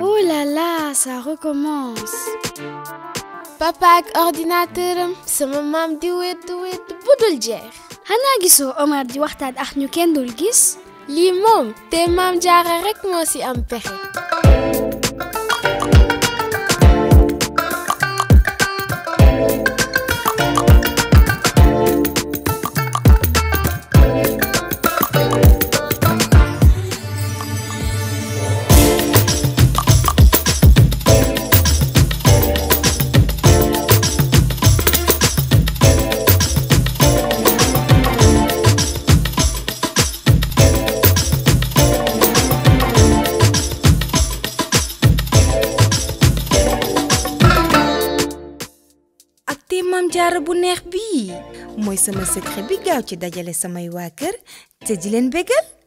Oh là là, ça recommence. papa ak ordinateur am sama maam di wéetu wéetu bu dul jeex. xanaa gisoo Omar di waxtaan ax ñu kenn dul gis. lii moom te maam jaara rekk moo ci am pexe. te mam jaara bu neex bii mooy sama secret bi gaaw ci dajale samay waa kër te di leen bégal